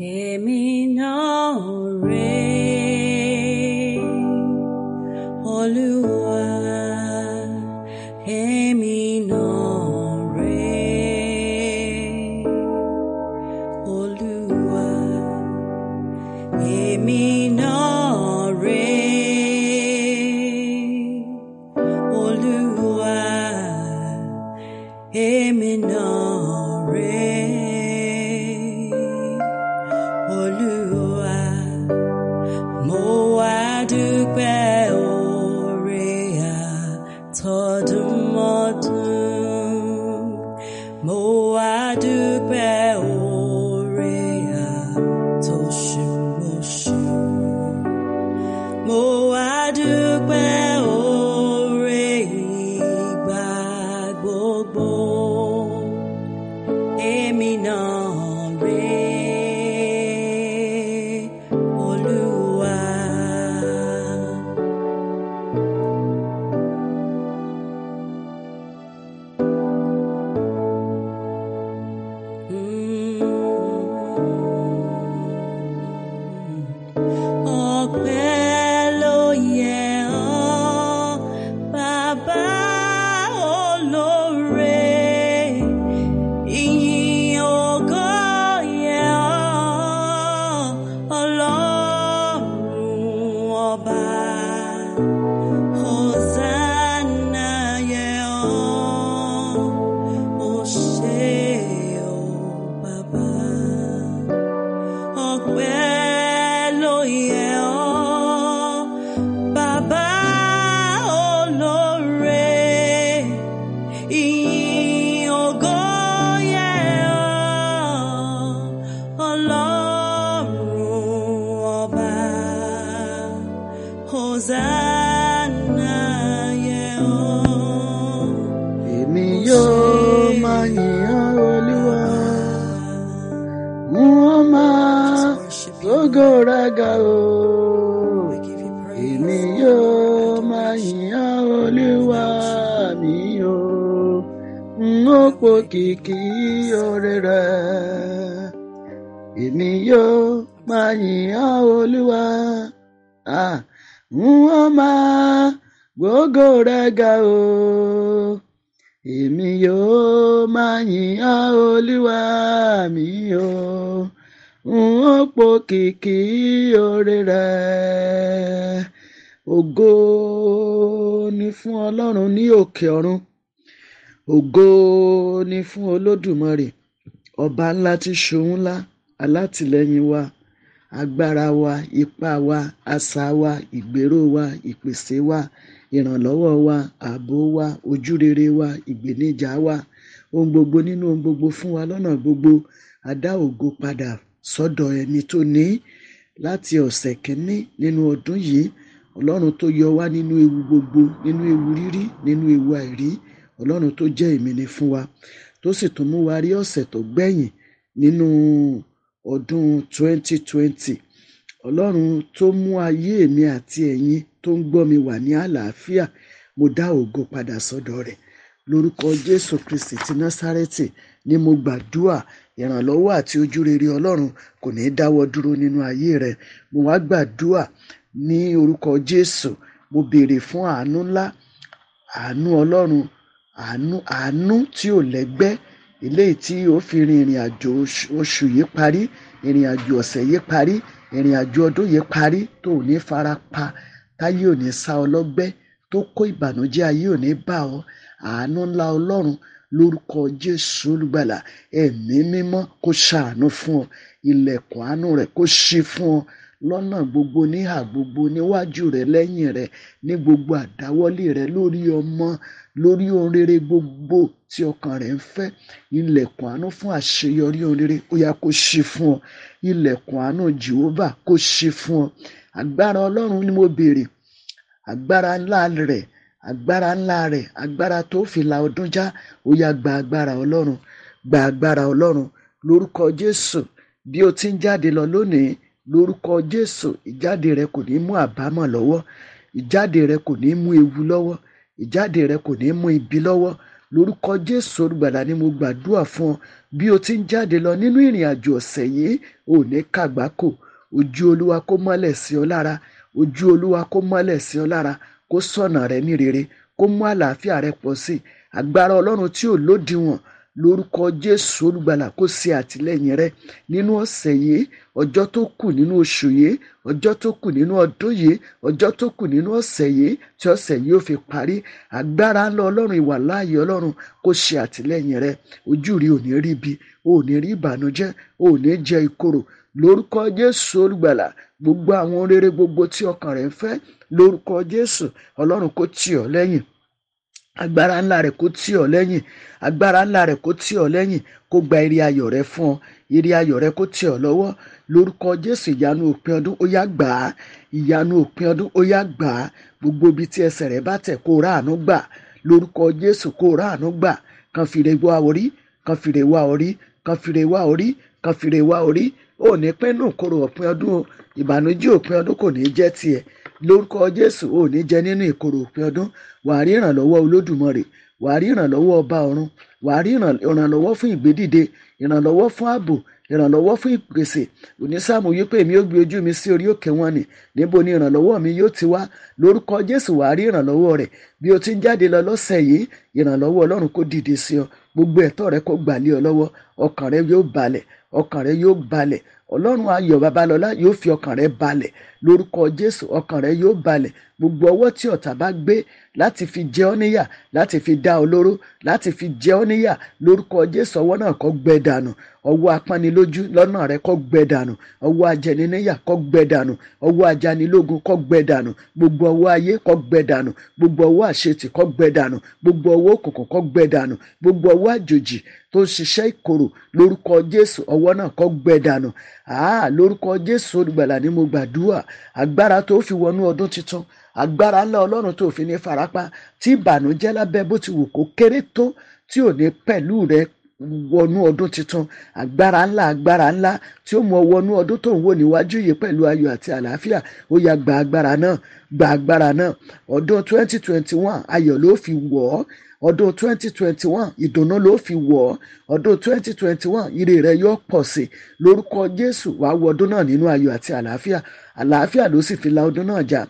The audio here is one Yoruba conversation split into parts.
Hear me 吧。ògo rẹ̀ ga o èmi yóò máa yìn á olúwa mi o n ó po kìkì oore rẹ̀ èmi yóò máa yìn á olúwa n ó máa gbógo ga o èmi yóò máa yìn á olúwa mi o wọ́n po kìkì oore rẹ̀ ògo ni fún ọlọ́run ní òkè ọ̀run ògo ni fún olódùmarè ọba ńlá tí ṣòun ńlá alátìlẹ́yìn wa agbára wa ipá wa àṣà wa ìgbéró wa ìpèsè wa ìrànlọ́wọ́ wa ààbò wa ojúrere wa ìgbèníjà wa ohun gbogbo nínú ohun gbogbo fún wa lọ́nà gbogbo àdá ògo padà sọ́dọ̀ ẹni tó ní í láti ọ̀sẹ̀ kìíní nínú ọdún yìí ọlọ́run tó yọ wá nínú ewu gbogbo nínú ewu rírí nínú ewu àìrí ọlọ́run tó jẹ́ ìmìnì fún wa tó sì tún mú wa rí ọ̀sẹ̀ tó gbẹ̀yìn nínú ọdún 2020 ọlọ́run tó mú ayé mi àti ẹ̀yin tó ń gbọ́ mi wà ní àlàáfíà mo dá ògo padà sọ́dọ̀ rẹ̀ lórúkọ jésù kristi ti násárẹ́tì ni mo gbàdúà ìrànlọ́wọ́ àti ojú rere ọlọ́run kò ní dáwọ́ dúró nínú ayé rẹ mo wá gbàdúà ní orúkọ jésù mo béèrè fún àánú ńlá àánú ọlọ́run àánú àánú tí ò lẹ́gbẹ́ eléyìí tí ó fi rin ìrìn àjò oṣù yìí parí ìrìn àjò ọ̀sẹ̀ yìí parí ìrìn àjò ọdún yìí parí tó ò ní fara pa táyé ò ní sá ọ lọ́gbẹ́ tó kó ìbànújẹ́ ayé ò ní bá ọ àánú ńlá ọlọ́run lórúkọ jésù olùgbàlà ẹ̀mí mímọ́ kó ṣàánú fún ọ ilẹ̀kùn àánú rẹ̀ kó ṣí fún ọ lọ́nà gbogbo níhà gbogbo níwájú rẹ lẹ́yìn rẹ ní gbogbo àdáwọ́lé rẹ lórí ọmọ lórí ohun rere gbogbo tí ọkàn rẹ ń fẹ́ ilẹ̀kùn àánú fún àṣeyọrí ohun rere ó yá kó ṣí fún ọ ilẹ̀kùn àánú jehova kó ṣí fún ọ agbára ọlọ́run ni mo béèrè agbára ńlá rẹ̀ agbára ńlá rẹ̀ agbára tó fi la ọdún já ó yá gba agbára ọlọ́run gba agbára ọlọ́run lórúkọ jésù bí o ti ń jáde lọ lónìí lórúkọ jésù ìjáde rẹ kò ní mú àbámọ̀ lọ́wọ́ ìjáde rẹ kò ní mú ewu lọ́wọ́ ìjáde rẹ kò ní mú ibi lọ́wọ́ lórúkọ jésù olùgbàlà ni mo gbàdúrà fún ọ bí o ti ń jáde lọ nínú ìrìn àjò ọ̀sẹ̀ yìí ò ní kàgbákò ojú olúwa kó mọ́lẹ̀ sí ọ lára ojú olúwa kó mọ́lẹ̀ sí ọ lára kó sọ̀nà rẹ ní rere kó mú àlàáfíà rẹ pọ̀ sí i agbára ọlọ́run tí ò lódiwọ̀n lórúkọ jésù olùgbàlà kó ṣe àtìlẹ́yìn rẹ nínú ọ̀sẹ̀ yìí ọjọ́ tó kù nínú oṣù yìí ọjọ́ tó kù nínú ọdún yìí ọjọ́ tó kù nínú ọ̀sẹ̀ yìí tí ọ̀sẹ̀ yìí ó fi parí agbára ńlá ọlọ́run ìwà láàyè ọlọ́run kó ṣe àtìlẹ́yìn rẹ ojú rí ò rí ibi ò rí ìbànújẹ́ ò jẹ ìkorò lórúkọ jésù olùgbàlà gbogbo àwọn rere gbogbo tí ọkàn rẹ ń fẹ́ lórúkọ jésù ọlọ́run kò tì ọ́ lẹ́yìn agbára ńlá rẹ kò tì ọ́ lẹ́yìn agbára ńlá rẹ kò tì ọ́ lẹ́yìn kó gba ire ayọ̀ rẹ fún ọ ire ayọ̀ rẹ kó tì ọ́ lọ́wọ́ lórúkọ jésù ìyanu òpin ọdún ó yá gbà á ìyanu òpin ọdún ó yá gbà á gbogbo ibi tí ẹsẹ̀ rẹ bá tẹ̀ kó ráàánú gbà lórúkọ jésù kó ráàánú gbà kan fìrè wá orí kan fìrè wá orí kan fìrè wá orí kan fìrè wá orí ò ní pínú òpin ọdún o ìbànújẹ́ òpin ọdún kò ní jẹ́ tiẹ̀ lórúkọ jésù ò ní jẹ nínú ìkorò òpin ọdún wàá rí ìrànlọ́wọ́ olódùmarè wàá rí ìrànlọ́wọ́ ọba ọ̀run wàá rí ìrànlọ́wọ́ fún ìgbédìde ìrànlọ́wọ́ fún ààbò ìrànlọ́wọ́ fún ìpèsè onísáàmù wípé èmi ó gbé ojú mi sí orí òkè wọn ni níbo ni ìrànlọ́wọ́ mi yóò ti wá lórúkọ jésù wàá rí ìrànlọ́wọ́ rẹ̀ bí o ti ń jáde lọ lọ́sẹ̀ yìí ìrànlọ́wọ́ ọlọ́run kó dìde sí ọ gbogbo ẹ̀tọ́ rẹ kó gbà ọ lọ́wọ́ ọkàn rẹ yóò balẹ̀ ọkàn rẹ yóò balẹ̀ ọlọ́run ayọ̀ babalọ́lá yóò fi ọkàn rẹ balẹ̀ lórúkọ jésù ọkàn rẹ yóò balẹ̀ gbogbo ọwọ́ tí ọ̀tá bá gbé láti fi jẹ ọ́ níyà láti fi dá ọ lóró láti fi jẹ ọ́ níyà lórúkọ Jésù ọwọ́ náà kó gbẹ dànù ọwọ́ apánilójú lọ́nà rẹ kó gbẹ dànù ọwọ́ ajẹniníyà kó gbẹ dànù ọwọ́ ajánilógun kó gbẹ dànù gbogbo ọwọ́ ayé kó gbẹ dànù gbogbo ọwọ́ àṣetì kó gbẹ dànù gbogbo ọwọ́ òkùnkùn kó gbẹ dànù gbogbo ọwọ́ àjòjì tó ṣiṣẹ́ ìkorò lórúkọ Jésù ọwọ́ náà kó gbẹ dànù ah lórúkọ jésù olùgbàlà ni mo gbàdúrà agbára tó fi wọnú ọdún tuntun agbára ńlá ọlọ́run tó fi ní farapa tí ìbànújẹ́ lábẹ́ bó ti wù kó kéré tó tí ò ní pẹ̀lú rẹ wọnú ọdún tuntun agbára ńlá agbára ńlá tí ó mú ọ wọnú ọdún tó ń wò níwájú yìí pẹ̀lú ayọ̀ àti àlàáfíà ó yá gba agbára náà gba agbára náà ọdún 2021 ayọ̀ ló fi wọ̀ ọ́ ọdún 2021 ìdùnnú ló fi wọ̀ ọ́ ọdún 2021 ire rẹ yóò pọ̀ sí lórúkọ Jésù wàá wọ ọdún náà nínú ayọ̀ àti àlàáfíà àlàáfíà ló sì fi la ọdún náà jà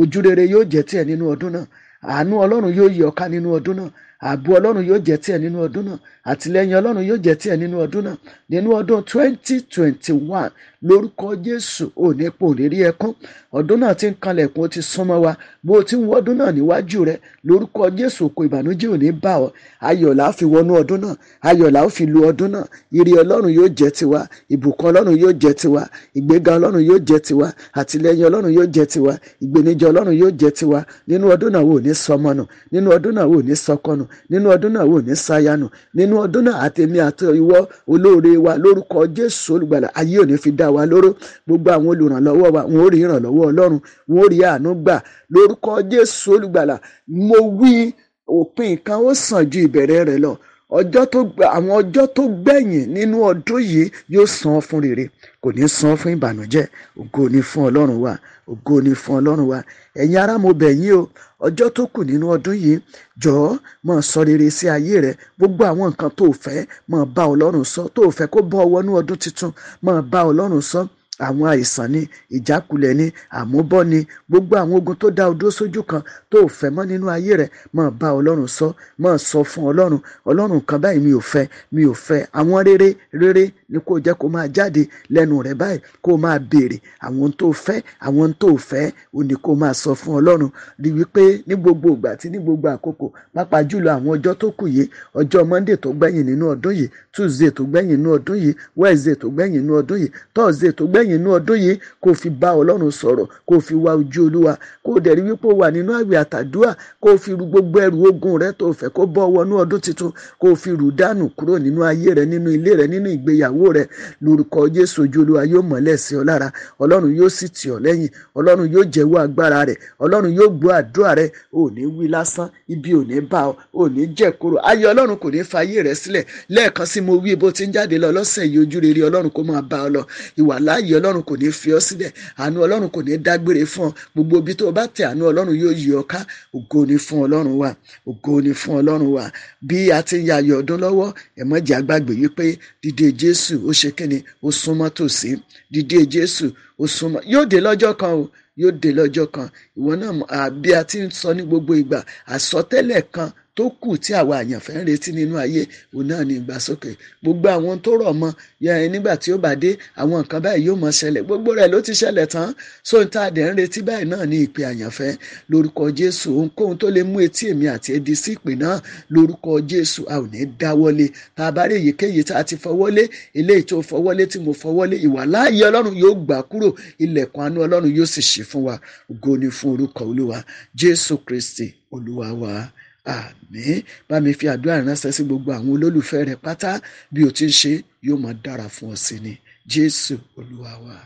ojú rere yóò jẹ́ tiẹ̀ nínú ọdún náà àánú Ọlọ́run yóò yí ọ ààbò ọlọ́run yóò jẹ́ tiẹ̀ nínú ọdún náà àtìlẹ́yìn ọlọ́run yóò jẹ́ tiẹ̀ nínú ọdún náà nínú ọdún twenty twenty one lórúkọ jésù ò ní pò rírí ẹkún ọdún náà ti ń kanlẹ̀kùn ó ti súnmọ́ wa bó o ti ń wọ́dún náà níwájú rẹ lórúkọ jésù kò ìbànújẹ́ ò ní bá ọ ayọ̀ la fi wọnú ọdún náà ayọ̀ la fi lu ọdún náà ire ọlọ́run yóò jẹ́ tiwa ìbùkún ọlọ́run yóò jẹ́ tiwa ìgbéga ọlọ́run yóò jẹ́ tiwa àtìlẹ́yìn ọlọ́run yóò jẹ́ tiwa ìgbéníjẹ ọlọ́run yóò jẹ́ tiwa nínú ọdún náà wò ní sọmọnù nínú ọdún náà wò ní sọkọnù nínú ọdún náà wò ní sayanù nínú ọdún náà àtẹ̀mí àti ìwọ olóore wa lórúkọ jésù olùgbàlà ayé ò fi dá wa lóró gbogbo àwọn olùrànlọ́wọ́ wa wọn ò rí ìrànlọ́wọ́ ọlọ́run wọn ò rí àánú gbà lórúkọ jésù olùgbàlà mo wí òpin nǹkan ó sàn ju ìbẹ̀rẹ̀ rẹ̀ lọ ọjọ́ tó àwọn ọjọ́ tó gbẹ̀yìn nínú ọdún yìí yóò san fún rere kò ní san fún ìbànújẹ́ ògo ni fún ọlọ́run wa ògo ni fún ọlọ́run wa ẹ̀yin ará mo bẹ̀ yín o ọjọ́ tó kù nínú ọdún yìí jọ̀ọ́ mọ̀ sọ rere sí ayé rẹ gbogbo àwọn nǹkan tó fẹ́ mọ̀ bá ọlọ́run sọ tó fẹ́ kó bọ́ ọwọ́ ní ọdún tuntun mọ̀ bá ọlọ́run sọ. So àwọn àìsàn ni ìjákulẹ̀ ni àmúbọ́ ni gbogbo àwọn ogun tó dá odó sójú kan tó ò fẹ́ mọ́ nínú ayé rẹ̀ máa bá ọlọ́run sọ máa sọ fún ọlọ́run ọlọ́run kan báyìí mi ò fẹ́ mi ò fẹ́ àwọn rere rere ni kò jẹ́ kó máa jáde lẹ́nu rẹ̀ báyìí kó máa béèrè àwọn tó fẹ́ àwọn tó fẹ́ ò ní kó máa sọ fún ọlọ́run rí wípé ní gbogbo ìgbà àti ní gbogbo àkókò pàápàá jùlọ àwọn ọjọ́ tó kù yìí ọjọ́ monday tó gbẹ̀yìn nínú ọdún yìí tuesday tó gbẹ̀yìn nínú ọdún yìí wednesday tó gbẹ̀yìn nínú ọdún yìí thursday tó gbẹ̀yìn gbẹ̀yìn inú ọdún yìí kó fi bá ọlọ́run sọ̀rọ̀ kó fi wá ojú olúwa kó dẹ̀ rí wípé o wà nínú àwẹ̀ àtàdúà kó fi ru gbogbo ẹrù ogun rẹ tó fẹ́ kó bọ́ wọnú ọdún tuntun kó fi rù dànù kúrò nínú ayé rẹ nínú ilé rẹ nínú ìgbéyàwó rẹ lórúkọ jésù ojú olúwa yóò mọ́lẹ̀ sí ọ lára ọlọ́run yóò sì tì ọ lẹ́yìn ọlọ́run yóò jẹ́wọ́ agbára rẹ ọlọ́run yóò gbọ́ àdúrà rẹ ò wí lásán ibi ò ní bá ọ ò ní jẹ́ kóró ayé ọlọ́run kò ní fa ayé rẹ sílẹ̀ lẹ́ẹ̀kan sí mo wí bó ti ń jáde lọ lọ́sẹ̀ yìí ojú rere ọlọ́run kó ọlọ́run kò ní fi ọ́ sílẹ̀ àánú ọlọ́run kò ní dágbére fún ọ gbogbo ibi tó o bá tẹ àánú ọlọ́run yóò yí ọ ká ògo ni fún ọlọ́run wa ògo ni fún ọlọ́run wa bí a ti ń yayọ̀ ọdún lọ́wọ́ ẹ̀mọ́jà gbàgbé yìí pé dídé jésù ó ṣe kíni ó súnmọ́ tòsí dídé jésù ó súnmọ́ yóò dé lọ́jọ́ kan o yóò dé lọ́jọ́ kan ìwọ náà bí a ti ń sọ ní gbogbo ìgbà àsọtẹ́lẹ̀ kan tó kù tí àwa àyànfẹ́ ń retí nínú ayé òun náà ní ìgbàsókè gbogbo àwọn tó rọ̀ mọ́ nígbà tí ó bá dé àwọn nǹkan báyìí yóò mọ̀ ṣẹlẹ̀ gbogbo rẹ̀ ló ti ṣẹlẹ̀ tán so n ta dẹ̀ ń retí báyìí náà ní ìpè àyànfẹ́ lórúkọ Jésù ohunkóhun tó lè mú etí èmi àti ẹdi sí ìpè náà lórúkọ Jésù a ò ní dáwọ́lé tá a bá rí èyíkéyìí tá a ti fọwọ́lé eléyìí tó fọwọ́lé wa àmín bá mi fi àdúrà ránṣẹ́ sí gbogbo àwọn olólùfẹ́ rẹ pátá bí o ti ń ṣe yóò máa dára fún ọ sí ni jésù olúwa wa.